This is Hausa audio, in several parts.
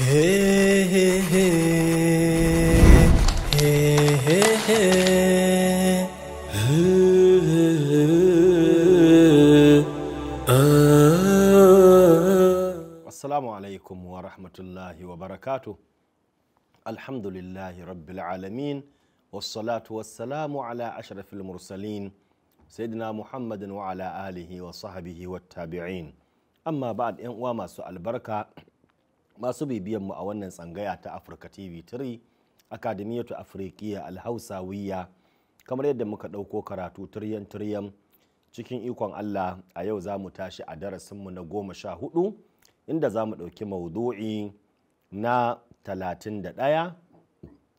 السلام عليكم ورحمة الله وبركاته الحمد لله رب العالمين والصلاة والسلام على أشرف المرسلين سيدنا محمد وعلى آله وصحبه والتابعين أما بعد إن وما سؤال بركة masu bibiyan mu a wannan tsangaya ta Africa TV 3 Akademiyatu Afrikiya Alhausawiya kamar yadda muka ɗauko karatu tiryan tiryan cikin ikon Allah a yau za mu tashi a darasin mu na goma sha hudu inda za mu ɗauki maudu'i na talatin da ɗaya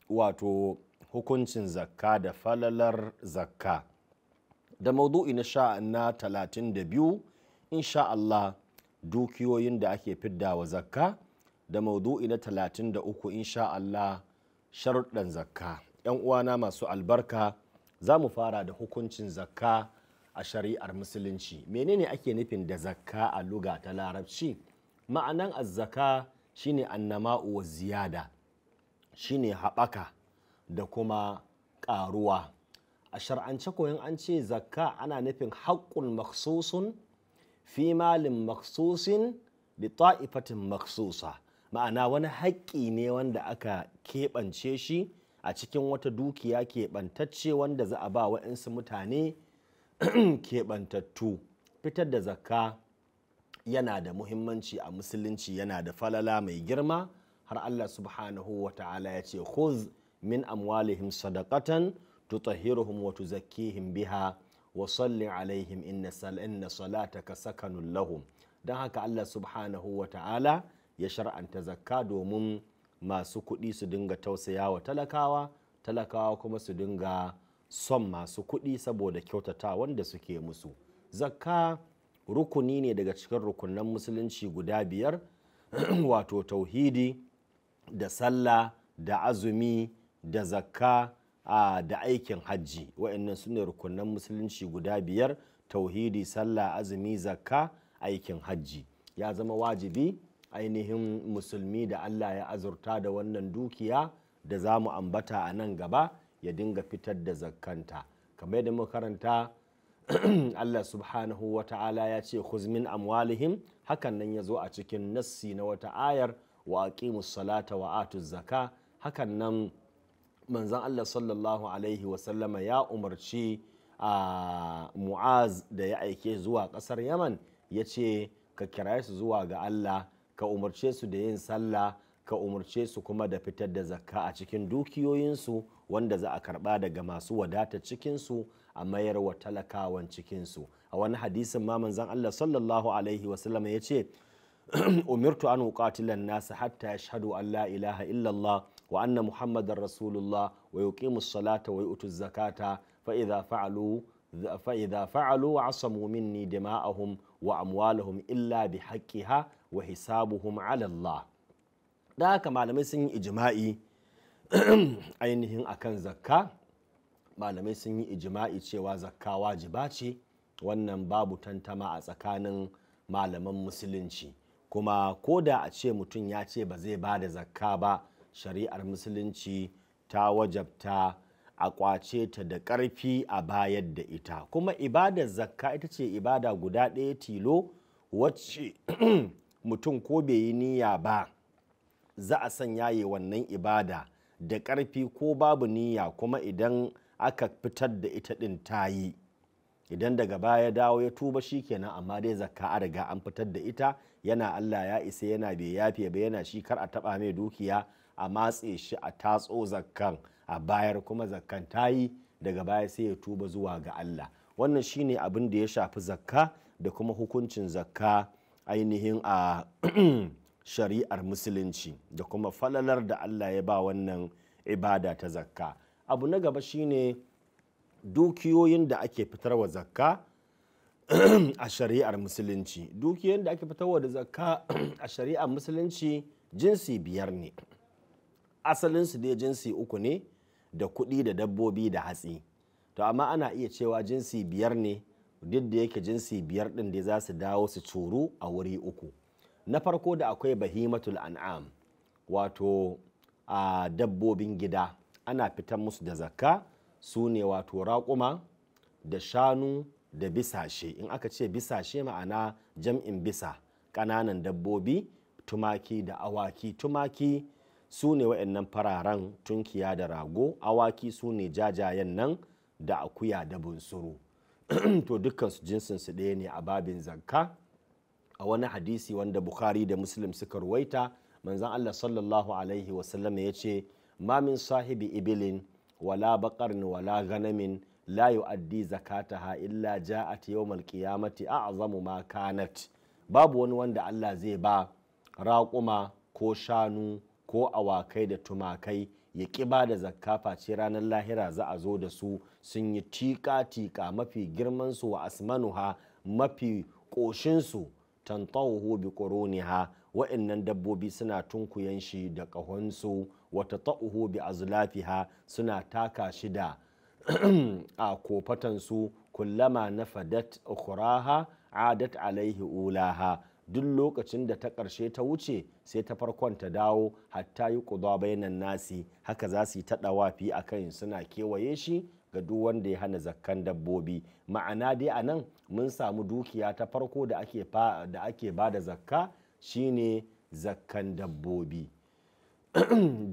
wato hukuncin zakka da falalar zakka da maudu'i na sha na talatin da biyu insha Allah dukiyoyin da ake fidda wa zakka da maudu'i na 33 insha Allah sharuɗan zakka yan uwana masu albarka za mu fara da hukuncin zakka a shari'ar musulunci menene ake nufin da zakka a luga ta larabci ma'anan azzaka shine annama'u wa ziyada shine haɓaka da kuma ƙaruwa a shar'ance koyon an ce zakka ana nufin haƙƙun maksusun fi malin maksusin li ta'ifatin maksusa ma'ana wani haƙƙi ne wanda aka keɓance shi a cikin wata dukiya keɓantacce wanda za a ba wa'insu mutane keɓantattu fitar da zakka yana da muhimmanci a musulunci yana da falala mai girma har allah subhanahu wa ta'ala ya ce khuz min amwalihim sadaqatan tutahhiruhum wa tuzakkihim biha wa salli alaihim inna salataka sakanun lahum Dan haka allah subhanahu wa ta'ala ya shar'anta zakka domin masu kuɗi su dinga tausaya wa talakawa talakawa kuma su dinga son masu kuɗi saboda kyautata wanda suke musu zakka rukuni ne daga cikin rukunan musulunci guda biyar wato tauhidi da sallah da azumi da zakka da aikin hajji wa'annan su ne rukunan musulunci guda biyar tauhidi sallah azumi zakka aikin hajji ya zama wajibi ainihin musulmi da Allah ya azurta da wannan dukiya da za mu ambata a nan gaba ya dinga fitar da zakanta. kamar yadda muka karanta Allah subhanahu wa ta'ala ya ce Kuzmin amwalihim hakan nan ya zo a cikin nassi na wata ayar wa aqimus salata wa atuz zaka hakan nan manzon Allah sallallahu alaihi wa sallama ya umarci a mu'az da ya aike zuwa kasar yaman ya ce ka kira su zuwa ga Allah ka umarce su da yin sallah ka umarce su kuma da fitar da zakka a cikin dukiyoyinsu wanda za a karba daga masu wadata cikinsu a mayar wa talakawan cikinsu a wani hadisin ma manzon Allah sallallahu alaihi wasallam ya ce umirtu an uqatila nasa hatta yashhadu an la ilaha illallah wa anna muhammadar rasulullah wa yuqimus salata wa yu'tuz zakata fa idza fa'alu fa idza fa'alu wa asamu minni dima'ahum wa amwalahum illa bihaqqiha wa hisabuhum ala Allah da haka malamai sun yi ijima'i ainihin a kan zakka malamai sun yi ijima'i cewa zakka wajiba ce wannan babu tantama a tsakanin malaman musulunci kuma ko da a ce mutum ya ce ba zai ba da zakka ba shari'ar musulunci ta wajabta a kwace ta da ƙarfi a bayar da ita kuma ibadar zakka ita ce ibada guda ɗaya tilo wacce mutum ko bai yi niyya ba za a sanya yaye wannan ibada da ƙarfi ko babu niyya kuma idan aka fitar da ita ɗin ta yi idan daga baya dawo ya tuba shi kenan amma dai zakka a riga an fitar da ita yana allah ya isa yana bai yafe ba yana shi kar a taɓa mai dukiya a matse shi a tatso zakkan a bayar kuma zakkan ta yi daga baya sai ya tuba zuwa ga allah wannan shine abin da ya shafi zakka da kuma hukuncin zakka ainihin a shari'ar musulunci da kuma falalar da Allah ya ba wannan ibada ta zakka abu na gaba shine dukiyoyin da ake fitarwa zakka a shari'ar musulunci dukiyoyin da ake fitarwa da zakka a shari'ar musulunci jinsi biyar ne asalinsu dai jinsi uku ne da kuɗi da dabbobi da hatsi to amma ana iya cewa jinsi biyar ne duk da yake jinsi biyar ɗin da za su dawo su curu a wuri uku na farko da akwai bahimatul an'am wato a dabbobin gida ana fitan musu da zakka su ne wato raƙuma da shanu da bisashe in aka ce bisashe ma'ana jam'in bisa ƙananan dabbobi tumaki da awaki tumaki su ne wa'annan fararen tunkiya da rago awaki su ne jajayen nan da akuya da bunsuru to dukkansu jinsinsu ɗaya ne a babin zakka a wani hadisi wanda bukhari da muslim suka ruwaita manzan allah sallallahu alaihi wasallam ya ce mamin sahibi ibilin wala ni wala ganamin la yu'addi zakataha illa ja'at yawmal qiyamati a'zamu ma kanat babu wani wanda Allah zai ba raƙuma ko shanu ko awakai da tumakai ya ƙi ba da zakka face ranar lahira za a zo da su sun yi tiƙa-tiƙa mafi girmansu wa asmanuha mafi ƙoshinsu tantahu bi ƙoroniha wa'annan dabbobi suna tunkuyen shi da ƙahonsu wata ta'uhu bi azlafiha suna taka shi da a kofatansu kullama na fadat ukuraha adat alaihi ulaha duk lokacin da ta ƙarshe ta wuce sai ta farkon ta dawo hatta yi ƙudwa bayanan nasi haka za su yi ta ɗawafi a kan suna kewaye shi ga duk wanda ya hana zakkan dabbobi ma'ana dai a nan mun samu dukiya ta farko da ake da ake ba da zakka shine zakkan dabbobi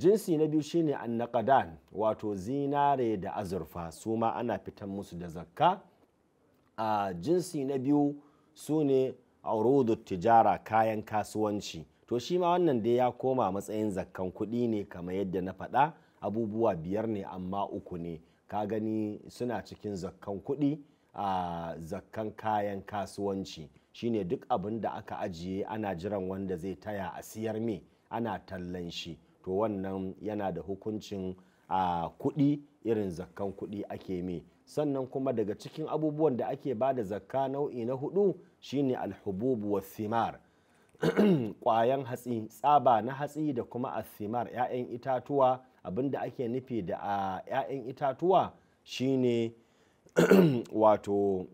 jinsi na biyu shine annaqadan wato zinare da azurfa su ma ana fitan musu da zakka a ah, jinsi na biyu su ne aurudu tijara kayan kasuwanci to shi ma wannan dai ya koma matsayin zakkan kuɗi ne kamar yadda na faɗa abubuwa biyar ne amma uku ne ka gani suna cikin zakkan kuɗi a zakkan kayan kasuwanci shine duk abin da aka ajiye ana jiran wanda zai taya a siyar me ana tallan shi to wannan yana da hukuncin a kuɗi irin zakkan kuɗi ake me sannan kuma daga cikin abubuwan da ake ba da zakka nau'i na hudu shine alhubub wa thimar ƙwayan hatsi tsaba na hatsi da kuma athimar 'ya'yan itatuwa abinda ake nufi da a 'ya'yan itatuwa shine wato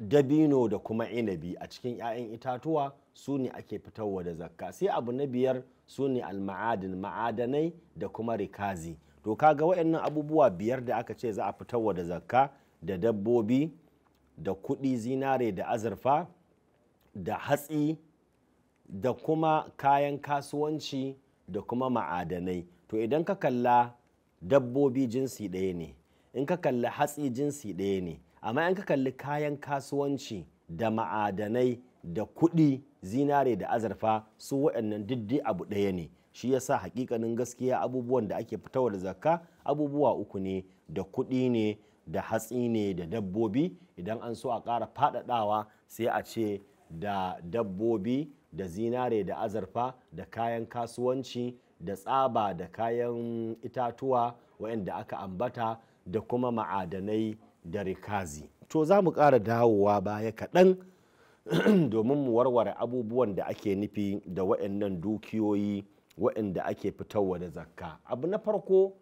dabino da kuma inabi a cikin 'ya'yan itatuwa su ne ake fitarwa da zakka sai abu na biyar su ne alma'adin ma'adanai da kuma rikazi to kaga waɗannan abubuwa biyar da aka ce za a fitarwa da zakka da dabbobi da kuɗi zinare da azurfa da hatsi da kuma kayan kasuwanci da kuma ma'adanai to idan ka kalla dabbobi jinsi ɗaya ne in ka kalli hatsi jinsi ɗaya ne amma in ka kalli kayan kasuwanci da ma'adanai da kuɗi zinare da azurfa su waɗannan diddi abu ɗaya ne shi ya sa hakikanin gaskiya abubuwan da ake fitarwa da zakka abubuwa uku ne da kuɗi ne da hatsi ne da dabbobi idan an so a ƙara faɗaɗawa sai a ce da dabbobi da zinare da azurfa da kayan kasuwanci da tsaba da kayan itatuwa waɗanda aka ambata da kuma ma'adanai da rikazi to za mu ƙara dawowa baya kaɗan domin mu warware abubuwan da ake nufi da waɗannan dukiyoyi waɗanda ake fitarwa da zakka abu na farko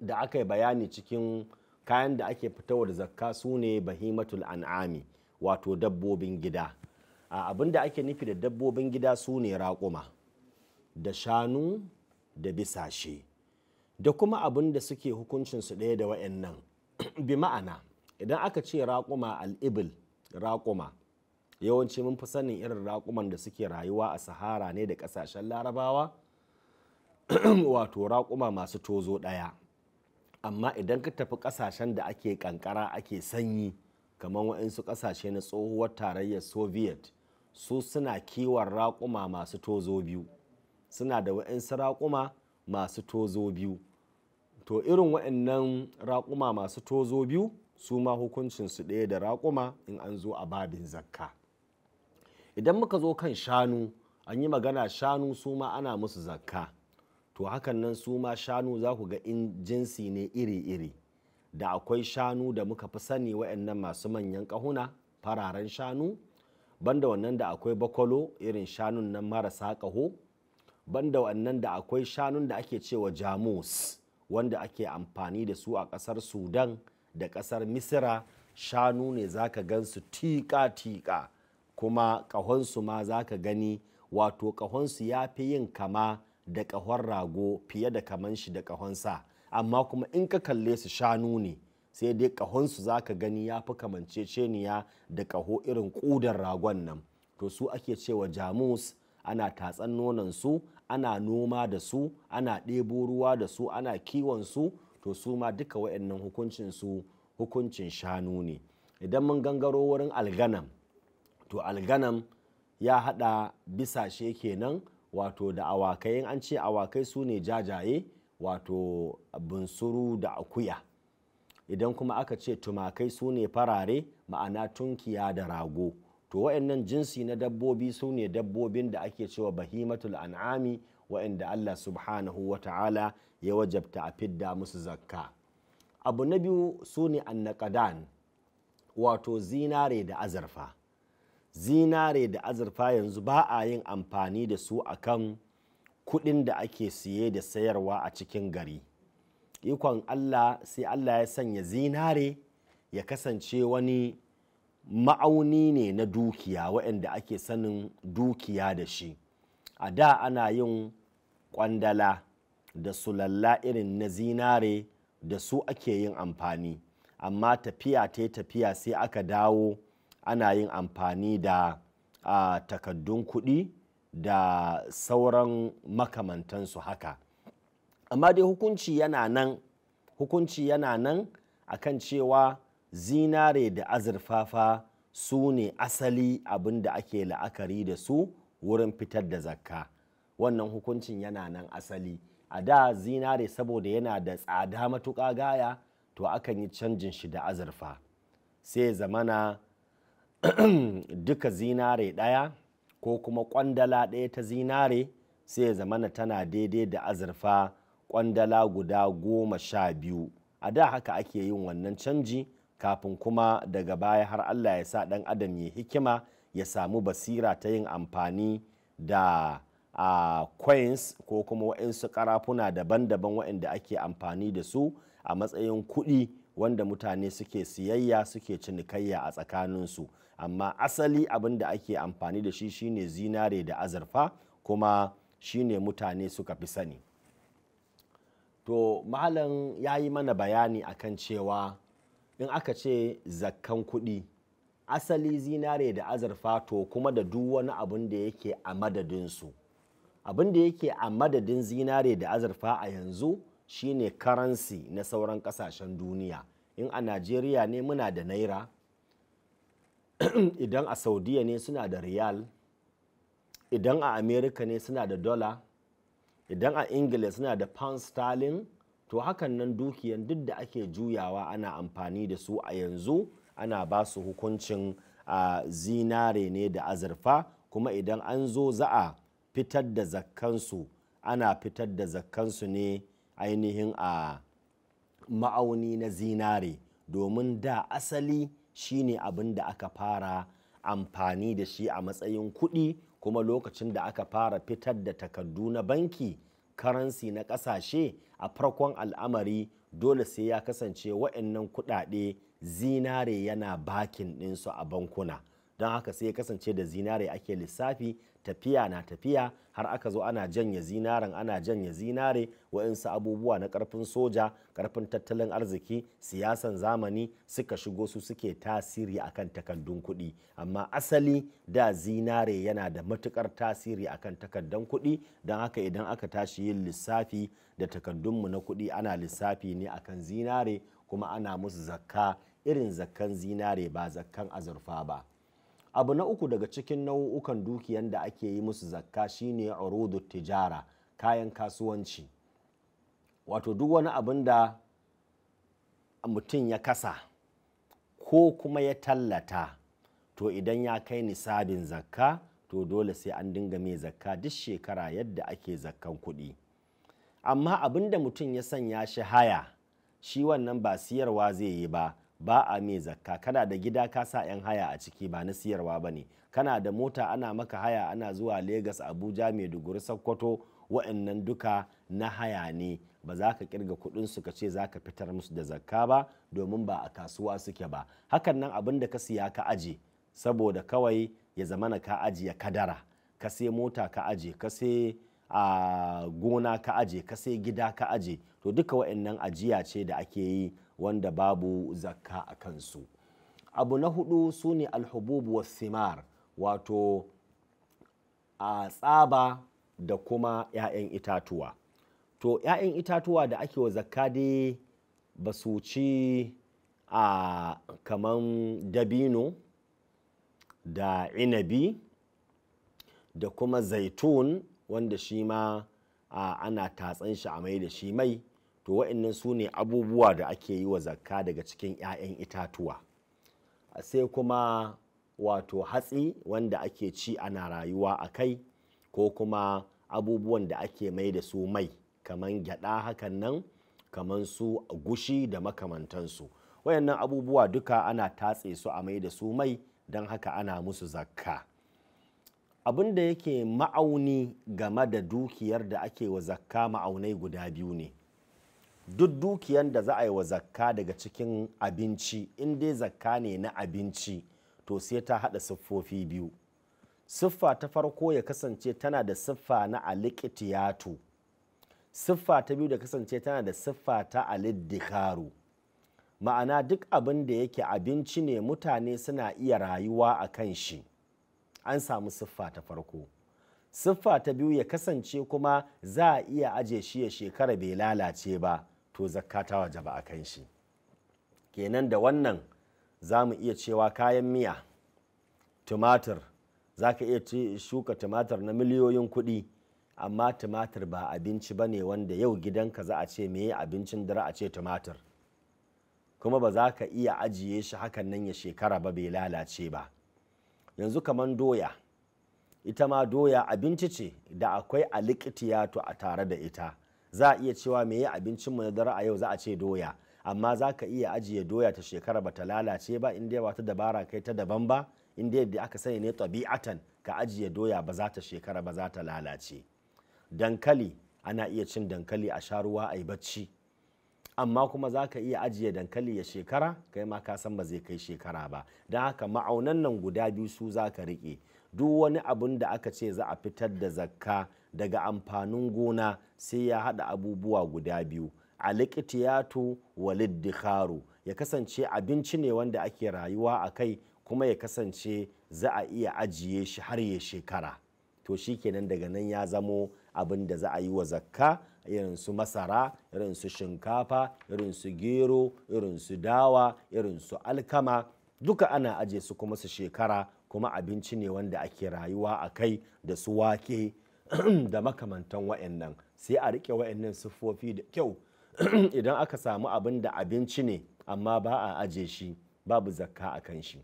da aka yi bayani cikin kayan da ake fitowar zakka su ne bahimatul an'ami wato dabbobin gida abin da ake nufi da dabbobin gida su ne raƙuma da shanu da bisashe da kuma abin da suke hukuncinsu ɗaya da wa'annan bi ma'ana idan aka ce raƙuma al'ibil raƙuma yawanci mun fi sanin irin raƙuman da suke rayuwa a sahara ne da ƙasashen larabawa wato raƙuma masu tozo ɗaya amma idan ka tafi kasashen da ake kankara ake sanyi kamar waɗansu kasashe na tsohuwar tarayyar soviet su suna kiwon raƙuma masu tozo biyu suna da waɗansu raƙuma masu tozo biyu to irin waɗannan raƙuma masu tozo biyu su ma hukuncinsu ɗaya da raƙuma in an zo a babin zakka idan muka zo kan shanu an yi magana shanu su ma ana musu zakka to hakan nan su ma shanu za ku ga in jinsi ne iri-iri da akwai shanu da muka fi sani waɗannan masu manyan ƙahuna fararen shanu banda wannan da akwai bakwalo irin shanun nan marasa ƙaho banda wannan da akwai shanun da ake cewa jamus wanda ake amfani da su a ƙasar sudan da ƙasar misira shanu ne za ka gan su tiƙa-tiƙa kuma ƙahonsu ma za ka gani wato ƙahonsu ya fi yin kama da ƙahon rago fiye da kaman shi da ƙahon sa amma kuma in ka kalle su shanu ne sai dai ƙahonsu za ka gani ya fi kamanceceniya da ƙaho irin ƙudan ragon nan to su ake cewa jamus ana tatsan nonon su ana noma da su ana ɗebo ruwa da su ana kiwon su to su ma duka waɗannan hukuncin su hukuncin shanu ne idan mun gangaro wurin alganam to alganam ya haɗa bisashe kenan wato da awakai an ce awakai su ne jajaye wato bunsuru da akuya idan kuma aka ce tumakai su ne farare ma'ana tunkiya da rago to wa'annan jinsi na dabbobi su ne dabbobin da ake cewa bahimatul an'ami wa'anda Allah subhanahu wa ta'ala ya wajabta a fidda musu zakka abu na biyu su ne annakadan wato zinare da azurfa zinare da azurfa yanzu ba a yin amfani da su akan kuɗin da ake siye da sayarwa a cikin gari ikon allah sai allah ya sanya zinare ya kasance wani ma'auni ne na dukiya waɗanda ake sanin dukiya da shi a da ana yin kwandala da sulalla irin na zinare da su ake yin amfani amma tafiya ta tafiya sai aka dawo ana yin amfani da uh, takaddun kuɗi da sauran makamantansu haka amma dai hukunci yana nan hukunci yana nan kan cewa zinare da azurfafa su ne asali abin da ake la'akari da su wurin fitar da zakka wannan hukuncin yana nan asali a da zinare saboda yana da tsada matuƙa gaya to akan yi canjin shi da azurfa sai zamana duka zinare ɗaya ko kuma ƙwandala ɗaya ta zinare sai ya zamana tana daidai da azurfa ƙwandala guda goma sha biyu a da haka ake yin wannan canji kafin kuma daga baya har allah ya sa ɗan adam ya hikima ya samu basira ta yin amfani da a coins ko kuma waɗansu karafuna daban-daban waɗanda ake amfani da su a matsayin kuɗi wanda mutane suke siyayya suke cinikayya a tsakaninsu amma asali abin da ake amfani da shi shine zinare da azurfa kuma shine mutane suka fi sani to malam ya yi mana bayani akan cewa in aka ce zakkan kuɗi asali zinare da azurfa to kuma da duk wani abin da yake a madadinsu abin da yake a madadin zinare da azurfa a yanzu shine karansi na sauran kasashen duniya in a najeriya ne muna da naira idan a saudiya ne suna da riyal idan a Amerika ne suna da dola idan a ingila suna da pound sterling to hakan nan dukiyan duk da ake juyawa ana amfani da su a yanzu ana ba su hukuncin a zinare ne da azurfa kuma idan an zo za a fitar da zakkansu ana fitar da zakkansu ne ainihin a ma'auni na zinare domin da asali shine abin da aka fara amfani da shi a matsayin kuɗi kuma lokacin da aka fara fitar da takardu na banki karansi na ƙasashe a farkon al'amari dole sai ya kasance wa'annan kuɗaɗe zinare yana bakin ɗinsu a bankuna don haka sai ya kasance da zinare ake lissafi tafiya na tafiya har aka zo ana janye zinaren ana janye zinare wa'insu abubuwa na karfin soja karfin tattalin arziki siyasan zamani suka shigo su suke tasiri akan takardun kuɗi amma asali da zinare yana da matukar tasiri akan takardan kuɗi don haka idan aka tashi yin lissafi da takardunmu na kuɗi ana lissafi ne akan zinare kuma ana musu zakka irin zakkan zinare ba zakkan azurfa ba abu na uku daga cikin nau'ukan dukiyan da ake yi musu zakka shine urudu tijara kayan kasuwanci wato duk wani abin da mutum ya kasa ko kuma ya tallata to idan ya kai nisabin zakka to dole sai an dinga mai zakka duk shekara yadda ake zakkan kuɗi amma abin da mutum ya sanya shi haya shi wannan ba siyarwa zai yi ba ba a mai zakka kana da gida ka sa 'yan haya a ciki ba na siyarwa ba ne kana da mota ana maka haya ana zuwa Legas Abuja mai Maiduguri Sokoto wa'annan duka na haya ne ba za ka kirga kudin su ka ce za ka fitar musu da zakka ba domin ba a kasuwa suke ba hakan nan abin da ka siya ka aje saboda kawai ya zamana ka ajiye kadara ka sai mota ka aje ka sai a gona ka aje ka sai gida ka aje to duka wa'annan ajiya ce da ake yi wanda babu zakka a kansu abu na hudu su ne alhububu wa wato a tsaba da kuma 'ya'yan itatuwa to 'ya'yan itatuwa da ake wa zakka dai ba su ci a kaman dabino da inabi da kuma zaitun wanda shi ma ana tatsan shi a mai da shi mai to wa'annan su ne abubuwa da ake yi wa zakka daga cikin 'ya'yan itatuwa sai kuma wato hatsi wanda ake ci ana rayuwa a kai ko kuma abubuwan da ake mai da su mai kamar gyada hakan nan kamar su gushi da makamantansu wayannan abubuwa duka ana tatse su a mai da su mai don haka ana musu zakka abin da yake ma'auni game da dukiyar da ake wa zakka ma'aunai guda biyu ne duk dukiyar da za a yi wa zakka daga cikin abinci in dai zakka ne na abinci to sai ta haɗa siffofi biyu siffa ta farko ya kasance tana da siffa na alikitiyatu siffa ta biyu da kasance tana da siffa ta aliddikaru ma'ana duk abin da yake abinci ne mutane suna iya rayuwa a kan shi an samu siffa ta farko siffa ta biyu ya kasance kuma za a iya aje shi ya shekara bai lalace ba to zakkata waje ba a kan shi kenan da wannan za mu iya cewa kayan miya tumatir za ka iya shuka tumatir na miliyoyin kuɗi amma tumatir ba abinci ba ne wanda yau gidanka za a ce me abincin dare a ce tumatir kuma ba za ka iya ajiye shi hakan nan ya shekara ba bai lalace ba yanzu kamar doya ita ma doya abinci ce da akwai alikitiyato a tare da ita za a iya cewa me abincin mu na dare a yau za a ce doya amma za ka iya ajiye doya ta shekara ba ta lalace ba inda yawa ta dabara kai ta daban ba inda yadda aka sani ne tabi'atan ka ajiye doya ba za ta shekara ba za ta lalace dankali ana iya cin dankali a sha ruwa a yi bacci amma kuma za ka iya ajiye dankali ya shekara kai ma ka san ba zai kai shekara ba don haka ma'aunan nan guda biyu su za ka riƙe duk wani abun da aka ce za a fitar da zakka daga amfanin gona sai ya haɗa abubuwa guda biyu alikitiyatu walid ya kasance abinci ne wanda ake rayuwa a kai kuma ya kasance za a iya ajiye shi har ya shekara to shi kenan daga nan ya zamo abin da za a yi wa zakka irin su masara irin su shinkafa irin su gero irin su dawa irin su alkama duka ana aje su kuma su shekara kuma abinci ne wanda ake rayuwa a kai da su wake da makamantan wa'annan sai a rike wa'annan siffofi da kyau idan aka samu abin da abinci ne amma ba a aje shi babu zakka a kan shi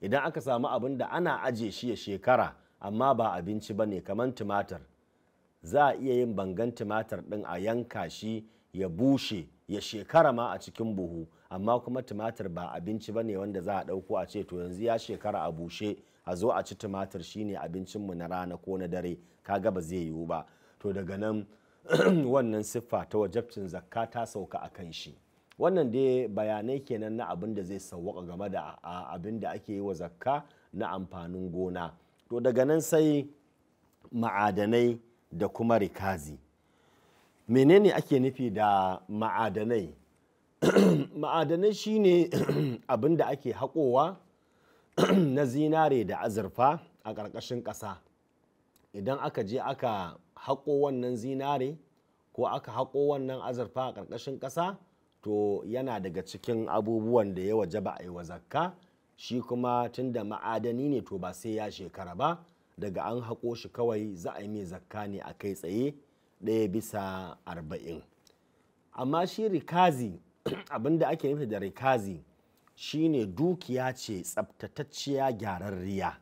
idan aka samu abin da ana aje shi ya shekara amma ba abinci ba ne kamar tumatir za a iya yin bangan tumatir ɗin a yanka shi ya bushe ya shekara ma a cikin buhu amma kuma tumatir ba abinci ba ne wanda za a ɗauko a ce to yanzu ya shekara a bushe a zo a ci tumatir shine abincinmu na rana ko na dare kaga ba zai yiwu ba to daga nan wannan siffa ta wajabcin zakka ta sauka a kan shi wannan dai bayanai kenan na abin da zai sauwaka game da abin da ake yi wa zakka na amfanin gona to daga nan sai ma'adanai da kuma rikazi menene ake nufi da ma'adanai ma'adanai shine abin da ake haƙowa na zinare da azurfa a ƙarƙashin ƙasa idan aka je aka haƙo wannan zinare ko aka haƙo wannan azurfa a ƙarƙashin ƙasa to yana daga cikin abubuwan da ya waje ba a yi wa zakka shi kuma tun da ma'adani ne to ba sai ya shekara ba daga an haƙo shi kawai za a yi mai zakka ne a kai tsaye ɗaya bisa arba'in amma shi rikazi abinda ake nufi da rikazi shine dukiya ce tsabtatacciya gyararriya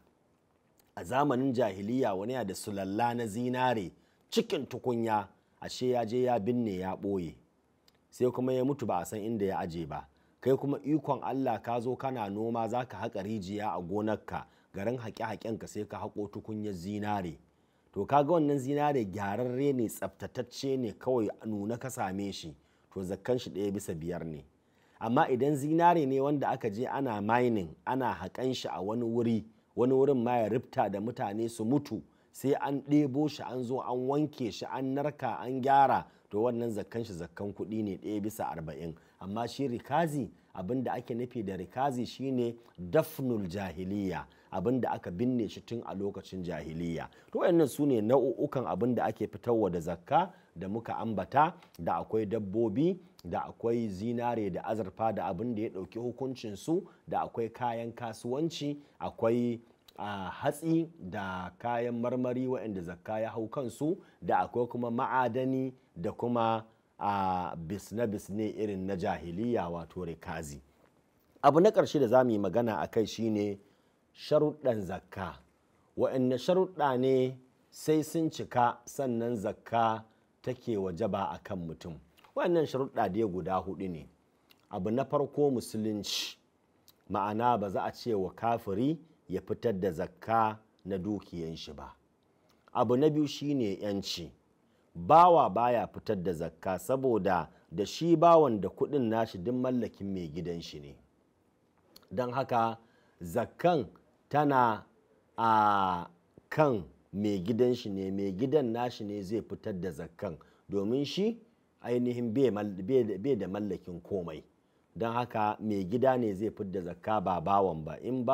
a zamanin jahiliya wani ya da sulalla na zinare cikin tukunya ashe ya je ya binne ya ɓoye sai kuma ya mutu ba a san inda ya aje ba kai kuma ikon allah ka zo kana noma za ka haƙa rijiya a gonarka garin haƙe-haƙen ka sai ka haƙo tukunyar zinare to kaga wannan zinare gyararre ne tsaftatacce ne kawai nuna ka same shi to zakkan shi ɗaya bisa biyar ne amma idan zinare ne wanda aka je ana mining ana haƙan shi a wani wuri wani wurin ma ya rifta da mutane su mutu sai an ɗebo shi an zo an wanke shi an narka an gyara to wannan zakkan shi zakkan kuɗi ne ɗaya bisa arba'in amma shi rikazi abin da ake nufi da rikazi shine dafnul jahiliya abin da aka binne shi tun a lokacin jahiliya to wayannan su ne nau'ukan abin da ake fitarwa da zakka da muka ambata da akwai dabbobi da akwai zinare da azurfa da abin da ya ɗauki hukuncin su da akwai kayan kasuwanci akwai a hatsi da kayan marmari waɗanda zakka ya hau kansu da akwai kuma ma'adani da kuma a bisne-bisne irin na jahiliya wato rikazi abu na ƙarshe da za mu yi magana a kai shine sharuɗan zakka wa'anne sharuɗa ne sai sun cika sannan zakka take wajaba a kan mutum wa'annan sharuɗa dai guda hudu ne abu na farko musulunci ma'ana ba za a ce wa kafiri ya fitar da zakka na dukiyan shi ba abu na biyu shine yanci bawa baya fitar da zakka saboda da shi bawan da kudin nashi duk mallakin mai gidan shi ne don haka zakkan tana a kan mai gidan shi ne mai gidan nashi ne zai fitar da zakkan domin shi ainihin bai da mallakin komai don haka mai gida ne zai fitar da zakka ba bawan ba in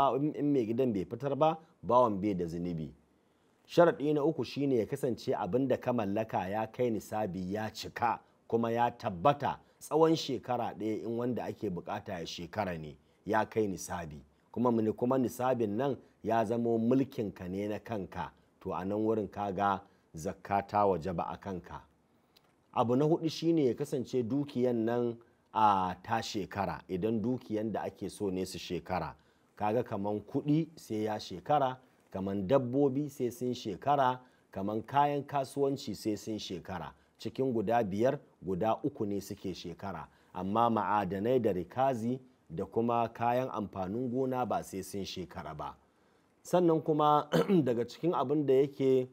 mai gidan bai fitar ba bawan bai da zunubi sharaɗi na uku shine ya kasance abin da ka mallaka ya kai nisabi ya cika kuma ya tabbata tsawon shekara ɗaya in wanda ake bukata ya shekara ne ya kai nisabi kuma kuma nisabin nan ya zamo mulkin ka ne na kanka to a nan wurin kaga zakka ta waje ba a kanka abu na hudu shine ya kasance dukiyan nan a ta shekara idan dukiyan da ake so ne su shekara kaga kaman kudi sai ya shekara kaman dabbobi sai sun shekara kaman kayan kasuwanci sai sun shekara cikin guda biyar guda uku ne suke shekara amma ma'adanai da rikazi da kuma kayan amfanin gona ba sai sun shekara ba sannan kuma daga cikin abin da yake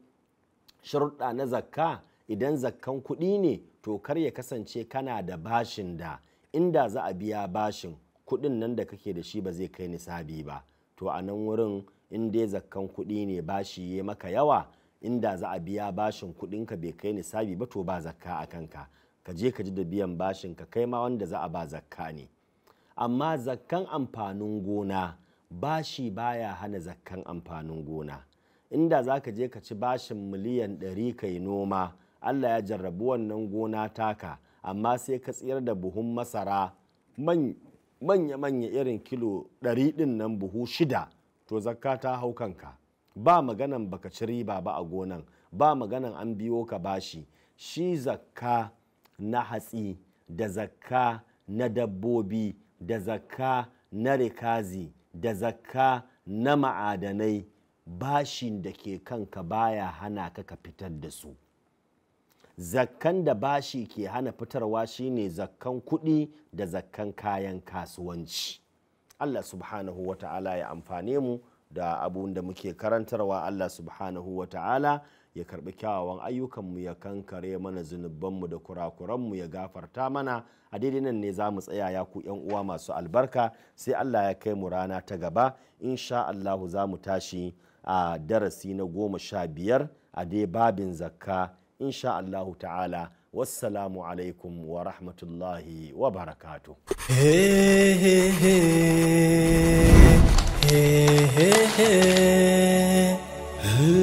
sharuɗa na zakka idan zakkan kuɗi ne to kar ya kasance kana da bashin da inda za a biya bashin kuɗin nan da kake da shi ba zai kai nisabi ba to a nan wurin in dai zakkan kuɗi ne bashi ya maka yawa inda za a biya bashin kuɗinka bai kai nisabi ba to ba zakka a kanka ka je ka ji da biyan bashin ka kai ma wanda za a ba zakka ne amma zakkan amfanin gona bashi baya hana zakkan amfanin gona inda za ka je ka ci bashin miliyan ɗari kai noma allah ya jarrabu wannan gona taka amma sai ka tsayar da buhun masara manya-manya irin kilo ɗari ɗin nan buhu shida to zakka ta hau kanka ba maganan baka ci riba ba a gonan ba maganan an biyo ka bashi shi zakka na hatsi da zakka na dabbobi da zakka na rikazi da zakka na ma'adanai bashin da ke kanka baya hana ka ka fitar da su zakkan da bashi ke hana fitarwa shine zakkan kuɗi da zakkan kayan kasuwanci Allah subhanahu wa ta'ala ya amfane mu da abun da muke karantarwa Allah subhanahu wa ta'ala ya karbi kyawawan ayyukanmu ya kankare mana zunubanmu da kurakuranmu ya gafarta mana a daidai nan ne za mu tsaya ya ku yan uwa masu albarka sai Allah ya kai mu rana ta gaba insha Allahu za mu tashi a darasi na goma sha biyar a dai babin zakka insha Allahu ta'ala wassalamu alaikum wa rahmatullahi wa barakatu. hey, hey, hey.